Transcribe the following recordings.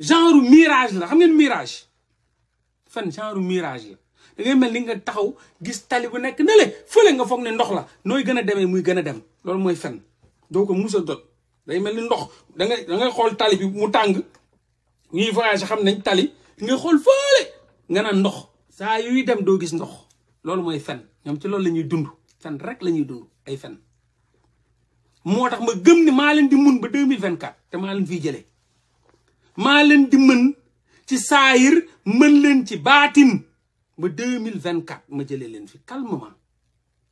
genre mirage la xam ngeen mirage fan genre mirage la da ngay mel ni nga taxaw gis tali bu nekk ne le fële nga foog ne ndox la nooy gën a demee muy gën a dem loolu mooy fen doo ko mus a dot day mel ni ndox da ngay da ngay xool tali bi mu tàng ñuy voyage xam nañ tali nga xool fële nga naan ndox saa yuy dem doo gis ndox loolu mooy fen ñoom ci loolu la ñuy dund fen rek la ñuy dund ay fen moo tax ma gëm ne maa leen di mun ba deux mille vingt quatre te maa leen fiy jëlee. maa leen di mën ci saayir mën leen ci baatin ba deux mille vingt quatre ma jëlee leen fi calmement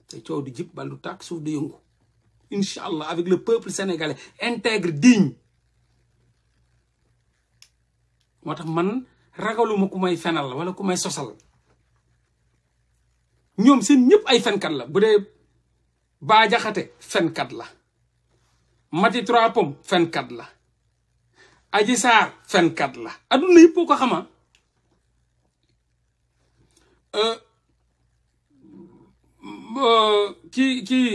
te coow di jib bal du suuf di yëngu incha allah avec le peuple sénégalais intègre digne moo tax man ragaluma ku may fenal wala ku may sosal ñoom seen ñëpp ay fenkat la bu dee baajaxate fenkat la mati trois pom fenkat la aji saar fenkat la adduna yëpp ko xama euh, euh, kii kii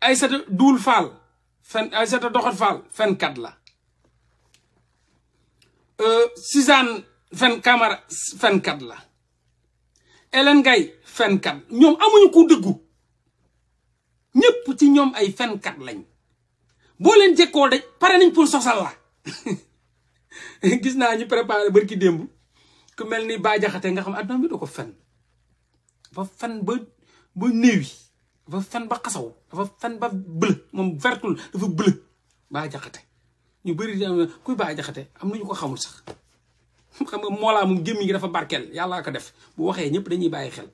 Aysata Duul Faal fen Aysata Doxat Faal fenkat la euh, Suzanne fen Camara fenkat la Hélène Gaye fenkat ñoom amuñu ku dëggu ñëpp ci ñoom ay fenkat lañ boo leen jëkkoo de pare nañ pour sosal la gis na ñu préparer barki démb ku melni ni jaxate nga xam adduna bi do ko fen ba fen ba ba neewi ba fen ba xasaw ba fen ba bleu mom vertul dafa bleu ba jaxate ñu bari ku ba jaxate am nañu ko xamul sax xam nga mola moom gemmi gi dafa barkel yalla ko def bu waxe ñep dañuy bàyyi xel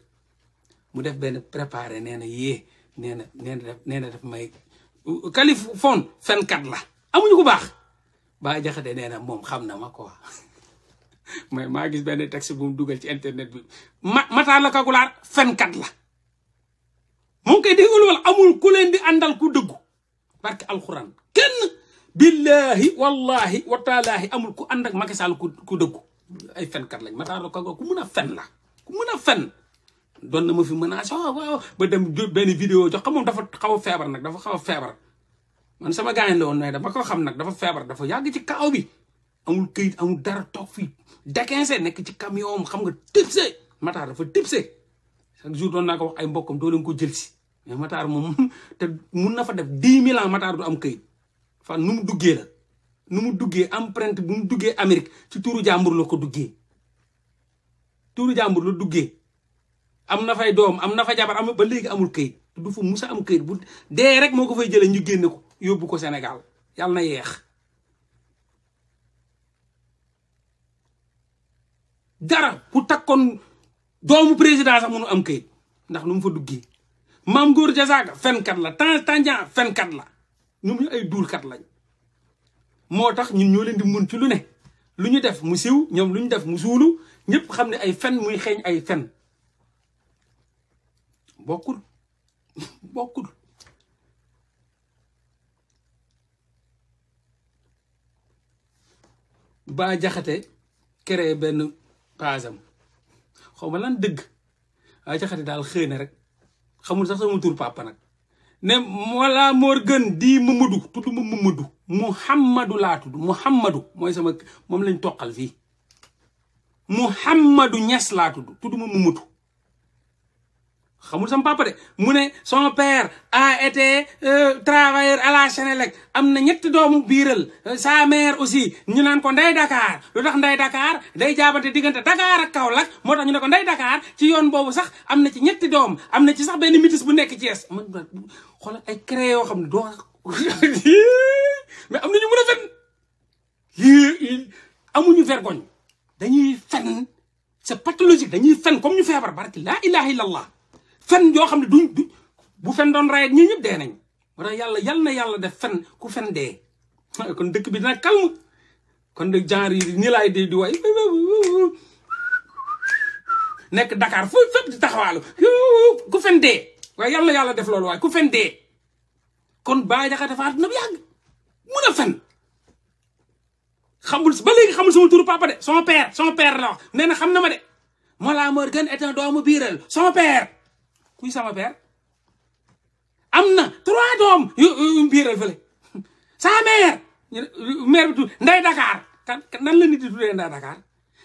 mu def ben préparer nee ye yee nee na def nee def may kalif fon kat la amuñu ko bax Baye Jaxate nee na moom xam na ma quoi mais maa gis benn texte bu mu dugal ci internet bi ma Matar la Kagulaar fenkat la mu ngi koy déglu ku leen di àndal ku dëggu barke alxuraan kenn billahi wallahi wataalaahi amul ku ànd ak Macky ku ku dëggu ay fenkat lañ Matar la Kagulaar ku mun a fen la ku mun a fen doon na ma fi menacé waaw oh, waaw ba dem benn vidéo jox xam moom dafa xaw a feebar nag dafa xaw a feebar man sama gaañ la woon nooy dama ko xam nag dafa feebar dafa yàgg ci kaaw bi amul këyit amul dara toog fii dakinse nekk ci camion xam nga tipsé Matar dafa tipsé chaque jour doon naa ko wax ay mbokkam doo leen ko jël si Matar moom te mun na fa def dix mille ans Matar du am këyit fan nu mu duggee la nu mu duggee empreinte bu mu duggee Amérique ci tuuru jàmbur la ko duggee tuuru jàmbur la duggee am na fay doom am na fa jabar am ba léegi amul këyit du fa musa am këyit bu dee rek moo ko fay jëlee ñu génne ko yóbbu ko Sénégal yàlla na yeex dara bu takkoon doomu président sax mënu am kayit ndax nu mu fa duggee maam Ngor Jazaaka fenkat la tan tanjan fenkat la ñoom ñu ay duurkat lañ moo tax ñu ñoo leen di mën ci lu ne lu ñu def mu siw ñoom lu ñu def mu suulu ñëpp xam ne ay fen muy xeeñ ay fen bokkul bokkul ba jaxate créé benn paasam xaw ma lan dëgg ba jaxate daal xëy na rek xamul sax sama tur papa nag ne wala moor di Mamadou tudd ma Mamadou Muhammadu laa Muhammadu mooy sama moom lañ toqal fii Muhammadu Ñas laa tudd tudd ma Mamadou xamul sama papa de mu ne son père a été euh, travailleur a la Sénélec am na ñetti doomu biiral euh, sa mère aussi ñu naan ko nday Dakar lu tax nday Dakar day jaabante diggante Dakar ak Kaolack moo tax ñu ne ko day Dakar ci yoon boobu sax am na ci ñetti doom am na ci sax benn mitis bu nekk Thiès man xoolal ay cré yoo xam ne doo am ñu mën amuñu vergogne dañuy fen c'est pathologique dañuy fen comme ñu feebar barki laa ilaha illallah fen yoo xam ne duñ du bu fen doon rey ak ñii ñëpp dee nañ moo tax yàlla yal yàlla def fen ku fen dee kon dëkk bi dana calme kon de genre yi nii laay dee nekk Dakar fu fépp di taxawaalu ku fen dee waaye yàlla yàlla def loolu waaye ku fen dee kon Bah Diakhaté Fatou na bu yàgg mun a fen xamul ba léegi xam sama turu papa de son père son père nee na xam na ma de Mollah Morgun est un doomu biiral son père kuy sama père amna trois dom yu yu biiral sa mère mère bi tu nday Dakar kan, kan nan la nit di tuddee nday Dakar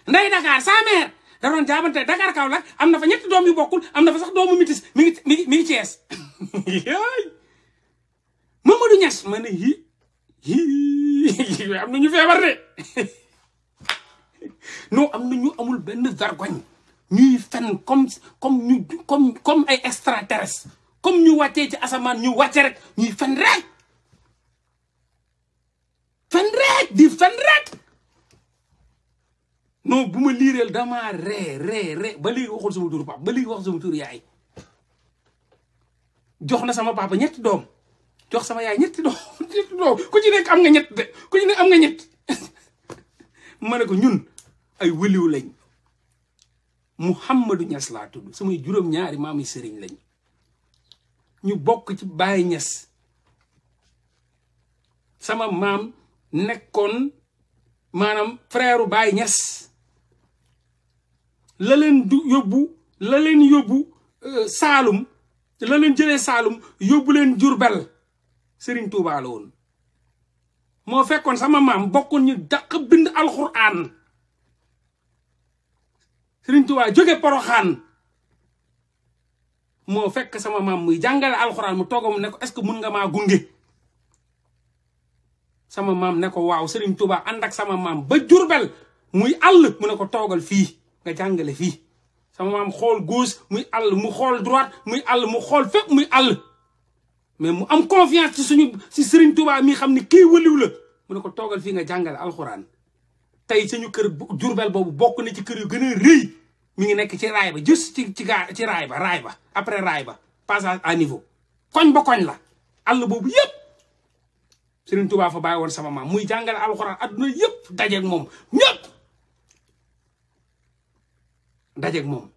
nday Dakar sa mère da ron jaabante Dakar kaw am amna fa ñetti dom yu bokul amna fa sax doomu mitis mi ngi mi ngi ties Mamadou ñass man hi hi amna ñu feebar de no amna ñu amul ben zargoñ ñuy fenn comme comme ñu comme comme ay extraterrestre comme ñu wàccee ci asamaan ñu wàcce rek ñuy fen rek fen rek di fen rek non bu ma liireel damaa ree ree ree ba léegi waxul sama tur papa ba léegi waxul sama tur yaay jox na sama papa ñett doom jox sama yaay ñetti doom ñetti ku ci nekk am nga ñett de ku ci nekk am nga ñett ma ne ko ñun ay wëliw lañ Mouhamadou Niass laa tudd samay juróom-ñaari maam yi sëriñ lañ ñu bokk ci Baye Niass sama maam nekkoon maanaam frère baay Niass la leen yóbbu la leen yóbbu euh, Saalum la leen jëlee Saalum yóbbu leen Jurbel sëriñ Touba moo fekkoon sama maam bokkoon ñu daq bind alxuraan sëriñ Tuubaa jóge poroxaan moo fekk sama maam muy jàngale alxuraan mu toogam ne ko est-ce mun nga maa gunge sama maam ne waaw sëriñ Tuubaa ànd ak sama maam ba Jurbel muy àll mu ne ko toogal fii nga jàngale fii sama maam xool goos muy àll mu xool droite muy àll mu xool fépp muy àll mais mu am confiance ci suñu ci sëriñ Tuubaa mii xam ni kii wëliw la mu ne ko toogal fii nga jàngale alxuraan tey suñu kër Jurbel boobu bokk na ci kër yu gën a rëy mu ngi nekk ci raay ba juste ci ci gaa ci raay ba raay ba après raay ba passage à niveau koñ ba koñ la àll boobu yëpp Serigne Touba fa bàyyi woon sama maam muy jàngale alxuraan adduna yëpp dajeeg moom ñëpp dajeeg moom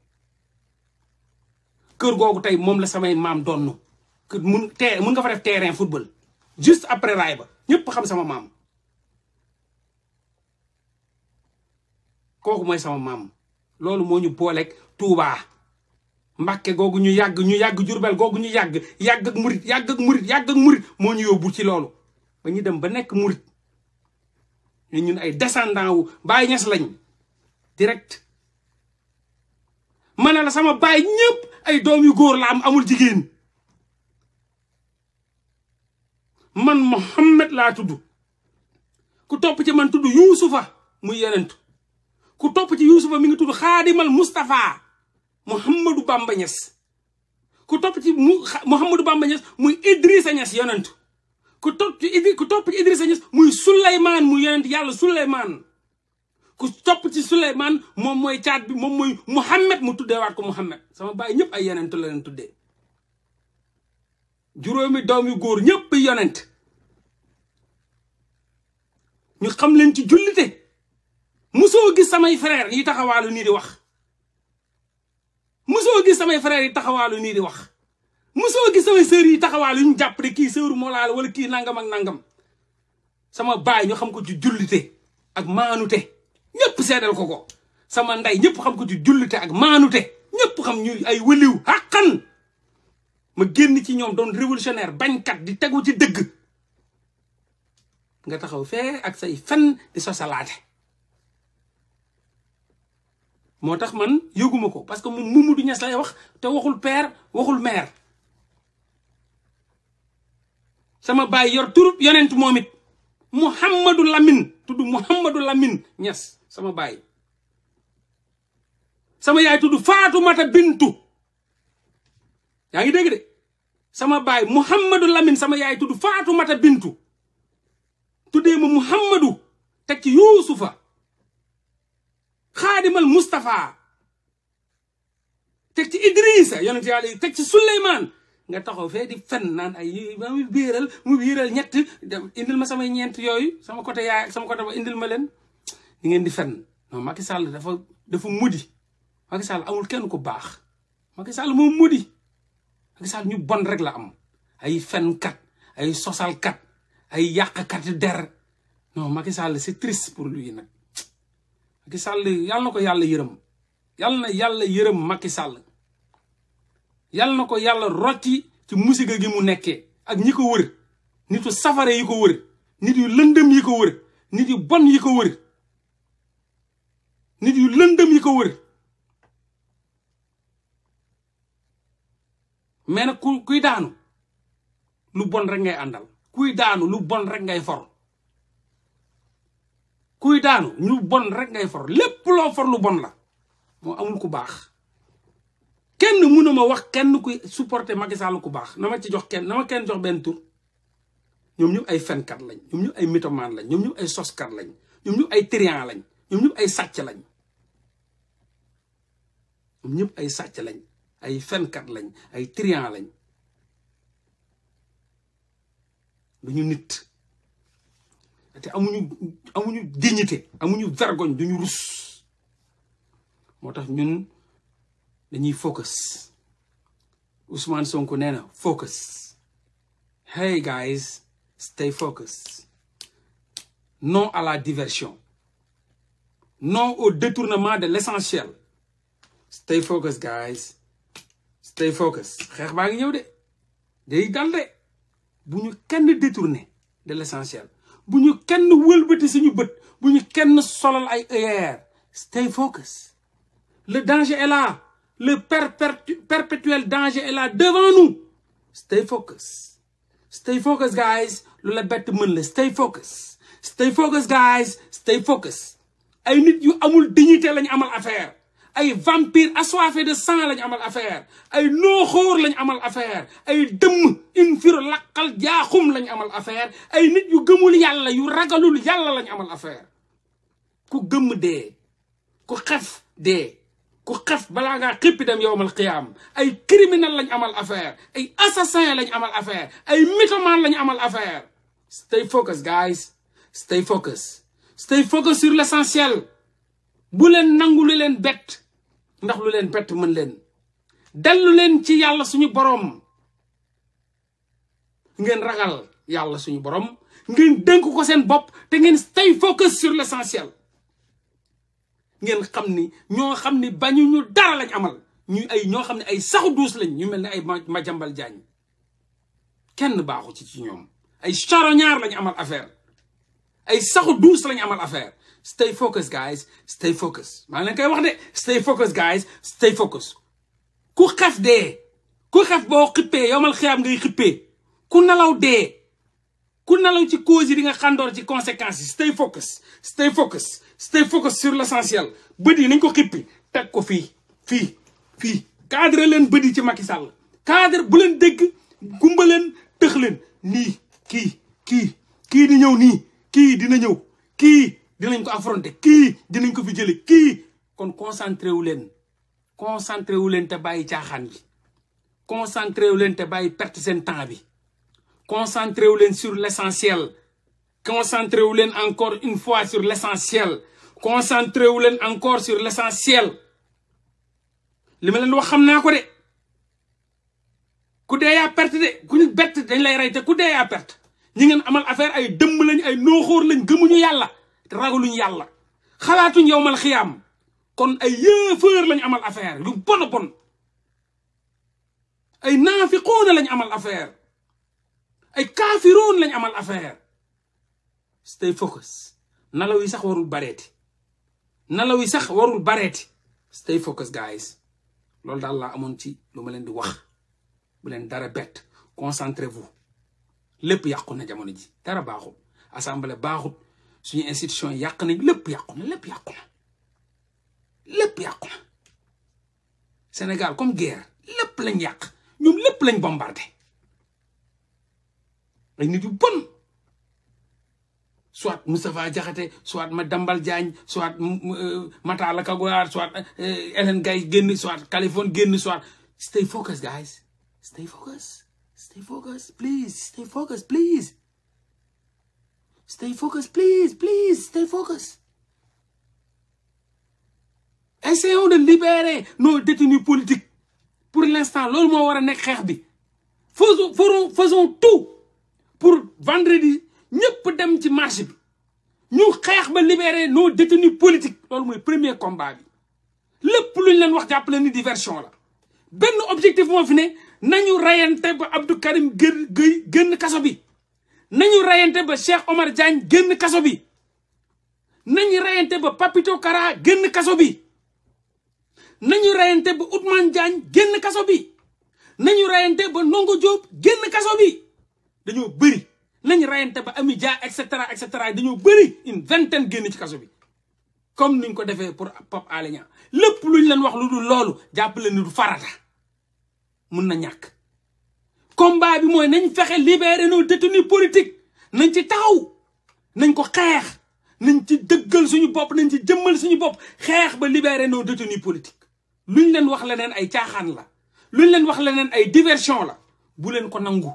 kër googu tey moom la samay maam donnu kër mun te mun nga fa def terrain footbal juste après raay ba ñëpp xam sama maam kooku mooy sama maam loolu moo ñu booleeg Touba Mbàkke googu ñu yàgg ñu yàgg Jurbel googu ñu yàgg yàgg ak murit yàgg ak murit moo ñu yóbbu ci loolu ba ñu dem ba nekk murit ñu ñun ay descendant wu Baay Ñas lañ direct ma ne la sama baay ñëpp ay doom yu góor la am amul jigéen man Mohammed laa tudd ku topp ci man tudd Yuusufa muy yenentu ku topp ci Yuusufa mi ngi tudd xaadimal Moustapha Mouhamadou Bamba Niass ku topp ci mu Mouhamadou Bamba Niass muy Idrissa Niass yonent ku topp ci Idri ku topp ci Idrissa Niass muy Souleymane muy yonent yàlla Souleymane ku topp ci Souleymane moom mooy caat bi moom mooy Mouhamed mu tuddeewaat ko Mouhamed sama baay ñëpp ay yonent la leen tuddee juróomi doom yu góor ñëpp yonent ñu xam leen ci jullite. musoo gis samay frère yi taxawaalu nii di wax musoo gis samay frère yi taxawaalu nii di wax musoo ki samay sœur yi taxawaalu ñu jàpp ne kii sœuru Mollah la wala kii nangam ak nangam sama baay ñu xam ko ci jullite ak maanute ñëpp seedal ko ko sama ndey ñëpp xam ko ci jullite ak maanute ñëpp xam ñu ay wëliw xàqan ma génn ci ñoom doon révolutionnaire bañkat di tegu ci dëgg nga taxaw fee ak say fen di sosalaate motax man yeguma ko parce que mom mamadou ñass lay wax te waxul père waxul mère sama bay yor turup yonent momit Muhammadul Lamin, tuddu Muhammadul Lamin, ñass sama bay sama yaay tuddu fatumata bintu yaangi deg de sama bay Muhammadul Lamin, sama yaay tuddu fatumata bintu tuddé mo muhammadu tek yusufa khadimal Mustafa, tek ci Idrissa yonent yàlla yi teg ci sulayman nga taxaw fe di fenn nan ay ba mu biiral mu biral ñett indil ma sama ñent yoy sama côté yaay sama côté ba indil ma len di ngeen di fenn non Macky Sall dafa dafa mudi Macky Sall amul kenn ku bax Macky Sall mo mudi Macky Sall ñu bon rek la am ay kat ay kat ay kat der non Macky Sall c'est triste pour lui nak Macky Sall yàlla na ko yàlla yërëm yàlla na yàlla yërëm Macky Sall yàlla na ko yàlla rocci ci musiga gi mu nekkee ak ñi ko wër nitu safara yi ko wër nit yu lëndëm yi ko wër nit yu bon yi ko wër nit yu lëndëm yi ko wër mais nag ku kuy daanu lu bon rek ngay àndal kuy daanu lu bon rek ngay for kuy daanu ñu bon rek ngay for lépp loo for lu bon la moo amul ku baax kenn mënu wax kenn kuy supporter Macky ku baax na ma ci jox kenn na ma kenn jox benn tur ñoom ñëpp ay fenkat lañ ñoom ñëpp ay mythomane lañ ñoom ñëpp ay soskat lañ ñoom ay trian lañ ñoom ñëpp ay sàcc lañ ñëpp ay sàcc lañ ay fenkat lañ ay trian lañ duñu nit te amuñu amuñu dignité amuñu vergogne duñu nous russes. ñun dañuy focus Ousmane Sonko nena, focus hey guys stay focus non à la diversion non au détournement de l'essentiel stay focus guys stay focus xeex baa ngi de de bu kenn détourné de l'essentiel bu ñu kenn wëlbati suñu bët bu ñu kenn solal ay œillères stay focus le danger est là le perpétuel danger est là devant nous stay focus stay focus guys lu la bett mën la stay focus stay focus guys stay focus ay nit yu amul dignité ñu amal affaire ay vampire assoiffé de sang lañ amal affaire ay nooxóor lañ amal affaire ay dëmm infir laqal lañu lañ amal affair ay nit yu gëmul yàlla yu ragalul yàlla lañ amal affaire ku gëmm dee ku xef dee ku xef balaa ngaa xippi dem yowmal qiyaam ay criminel lañ amal affaire ay assassin lañ amal affaire ay mythomane lañ amal affaire stay focus guys stay focus stay focus sur l'essentiel bu len nangu lu leen bett ndax lu leen bett mën leen dellu leen ci yàlla suñu boroom ngeen ragal yàlla suñu boroom ngeen dénk ko seen bopp te ngeen stay focus sur l'essentiel ngeen xam ni ñoo xam ni bañu ñu dara lañ amal ñu ay ñoo xam ne ay saxu duus lañ ñu mel ni ay ma Madiambal Diagne kenn baaxu ci ci ñoom ay charognard lañu amal affaire ay saxu douce lañu amal affair stay focus guys stay focus maa ngi leen koy wax de stay focus guys stay focus ku xef dee ku xef boo xippee yow mal xiyaam ngay xippee ku nalaw de ku nalaw ci cause yi nga xandoor ci conséquences yi stay focus stay focus stay focus sur l'essentiel bët yi nañ ko xippi teg ko fii fii fii cadre leen bët yi ci Macky Sall cadre bu leen dégg gumba leen nii kii kii kii di ñëw nii Ki dina ñëw ki dinañ ko affronter ki dinañ ko fi jële ki kon concentré wu len concentré wu len te bayyi chaxan bi concentré wu len te bayyi perte sen temps bi concentré wu len sur l'essentiel concentré wu len encore une fois sur l'essentiel concentré wu len encore sur l'essentiel lima len wax xamna ko de ku dee ya perte de ku ñu bett dañ lay ray te ku ya perte ñi ngeen amal affaire ay dëmm lañ ay nooxóor lañ gëmuñu yàlla raguluñu yàlla khalaatuñ yowmal khiyam kon ay yeufeur lañ amal affaire yu bon bon ay nafiqoon lañ amal affaire ay kafiroon lañ amal affaire stay focus nalaw yi sax warul bareti nalaw yi sax warul bareti stay focus guys lol dal la amon ci luma len di wax bu len dara bet concentrez-vous lépp yàqu na jamono ji dara baaxul assemblée baaxul suñu institution yàq nañ lépp yàqu lépp yàqu na lépp yàqu na Sénégal comme guerre lépp lañ yàq ñoom lépp lañ bombardé ay nit yu bon soit Moustapha Diakhaté soit Madiambal Diagne soit euh, Matar Kagoar soit euh, Hélène Gaye génn soit Kaliphone génn soit stay focus guys Stay focused, please. Stay focused, please. Stay focused, please, please. Stay focused. Essayons de libérer nos détenus politiques. Pour l'instant, l'homme moo war a nekk Faisons tout pour vendredi Nous pouvons ci marché Nous ñu libérer nos détenus politiques. C'est le premier combat Le plus lu ñu leen wax jàppale ni diversion la objectif moo fi nañu rayan ba Abdou Karim genn gëy génn bi nañu rayante ba Cheikh Omar Diagne genn kasso bi nañu rayante ba Papito Kara genn kasso bi nañu rayante ba Ousmane Diagne genn kasso bi nañu rayante ba nongo Diop genn kasso bi dañu bëri nañu rayante ba Ami Dia et cetera et cetera dañu bëri une vingtaine genn ci kasso bi comme niñ ko défé pour pop alignan lepp luñ wax lu dul leen du farata mun na ñàkk combat bi mooy nañ fexe libérer nos détenus politiques nañ ci taxaw nañ ko xeex nañ ci dëggal suñu bopp nañ ci jëmmal suñu bopp xeex ba libérer nos détenus politiques luñ leen wax leneen ay caaxaan la luñ leen wax leneen ay diversion la bu leen ko nangu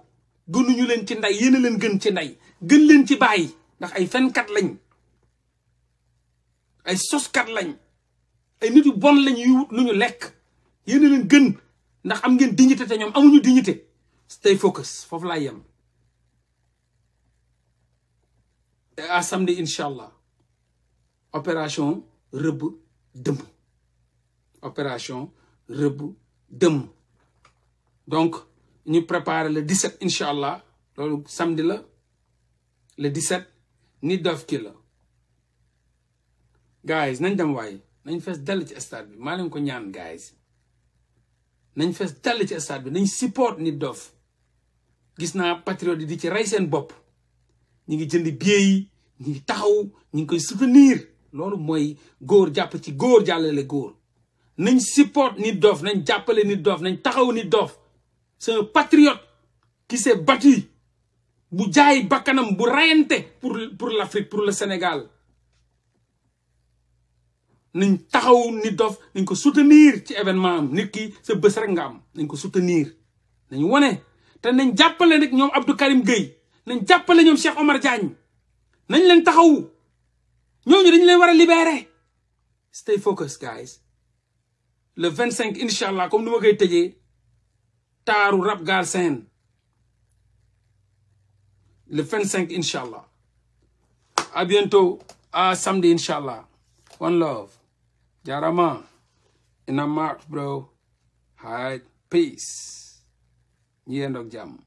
gënuñu leen ci ndey yéen leen gën ci ndey gën leen ci bàyyi ndax ay fenkat lañ ay soskat lañ ay nit yu bon lañ yu wut ñu lekk yéen leen gën ndax am ngeen dignité té ñom amuñu dignité stay focus fofu la yem à samedi Inch'Allah. opération reub Dem. opération reub Dem. donc ñu préparer le 17 Inch'Allah. lolu samedi la le 17 ni dof ki la guys nañ dem waaye nañ fess dell ci stade bi ma leen ko ñaan guys nañ fees dall ci stade bi nañ support nit doof gis naa patriote yi di ci rey seen bopp ñi ngi jënd billet ñi ngi taxaw ñi ngi koy soutenir loolu mooy góor jàpp ci góor jàllale góor nañ support nit doof nañ jàppale ni doof nañ taxaw nit doof c'est un patriote bu jaay bakkanam bu rayante pour pour l'Afrique pour le Sénégal nañ taxaw Nit Doff nañ ko soutenir ci événement am nit ki sa bés rek nga nañ ko soutenir nañ wane te nañ jàppale nag ñoom Abdou Karim Gueye nañ jàppale ñoom Cheikh Omar Diagne nañ leen taxawu ñooñu dañ leen war a libérer stay focus guys le vingt cinq incha allah comme ni ma koy tëjee taaru rap Galsen le vingt cinq incha allah à bientôt à samedi incha allah one love Jarama. In a mark, bro. Hide. Peace. You end up jam.